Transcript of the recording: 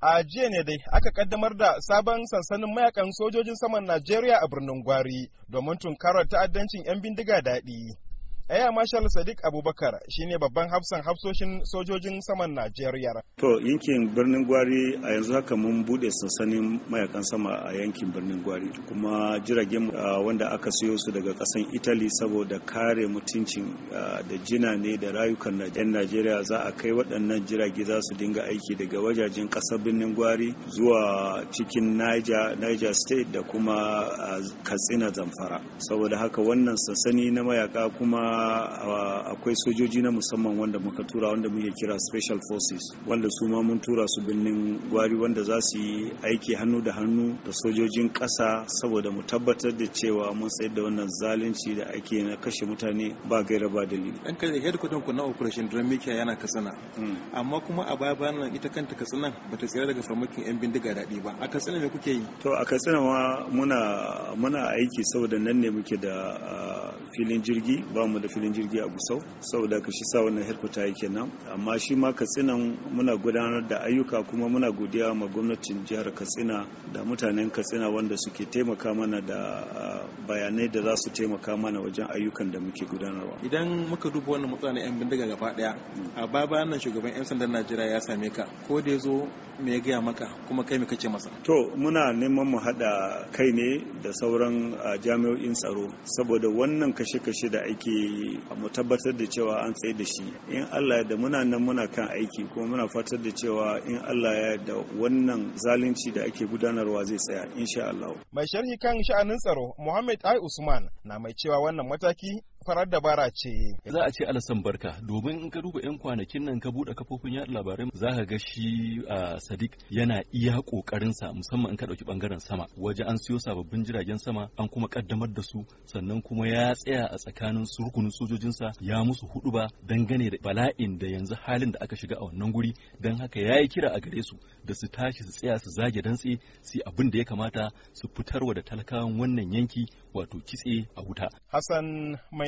a jiya ne dai aka kaddamar da sabon sansanin mayakan sojojin saman najeriya a birnin gwari domin tunkarar ta'addancin 'yan bindiga daɗi aya Marshal Sadiq Abubakar shine babban hafsan hafsoshin sojojin saman Najeriya. To yankin birnin Gwari a yanzu haka mun bude sansanin mayakan sama a yankin birnin Gwari kuma jiragen wanda aka siyo su daga kasan Italy saboda kare mutuncin da jina ne da rayukan yan Najeriya za a kai waɗannan jirage za su dinga aiki daga wajajen ƙasar birnin Gwari zuwa cikin Niger, Niger State da kuma Katsina Zamfara. Saboda haka wannan sansani na mayaka kuma akwai sojoji na musamman wanda muka tura wanda muke kira special forces wanda su ma mun tura su birnin gwari wanda za su yi aiki hannu da hannu da sojojin ƙasa saboda mu tabbatar da cewa mun tsayar da wannan zalunci da ake na kashe mutane ba gaira ba dalili an kai hedkwatan ku na operation don mikiya yana katsina hmm. amma kuma a baya bayan nan ita kanta katsina ba ta tsira daga farmakin yan bindiga daɗi ba a katsina me kuke yi to a katsina ma muna muna aiki saboda nan ne muke da filin jirgi ba mu da da filin jirgi a gusau saboda ka shi sa wannan helkwata yake nan amma shi ma katsinan muna gudanar da ayyuka kuma muna godiya ma gwamnatin jihar katsina da mutanen katsina wanda suke taimaka mana da bayanai da za su taimaka mana wajen ayyukan da muke gudanarwa idan muka duba wannan matsala na yan bindiga gaba daya a baba nan shugaban yan sandan najeriya ya same ka ko da ya zo me ya gaya maka kuma kai me kace masa to muna neman mu hada kai ne da sauran jami'o'in tsaro saboda wannan kashe-kashe da ake shi mu tabbatar da cewa an tsaye da shi in allah da muna nan muna kan aiki kuma muna fatar da cewa in allah ya da wannan zalunci da ake gudanarwa zai tsaya insha allah mai sharhi kan sha'anin tsaro muhammad ai usman na mai cewa wannan mataki farar dabara ce. Za a ce alasan barka domin in ka duba 'yan kwanakin nan ka buɗe kafofin yaɗa labarai za ka ga shi a Sadiq yana iya ƙoƙarinsa musamman in ka ɗauki ɓangaren sama waje an siyo sababbin jiragen sama an kuma ƙaddamar da su sannan kuma ya tsaya a tsakanin surkunin sojojinsa ya musu hudu ba dangane da bala'in da yanzu halin da aka shiga a wannan guri don haka ya yi kira a gare su da su tashi su tsaya su zage dantse su abin da ya kamata su fitarwa da talakawan wannan yanki wato kitse a wuta. Hassan mai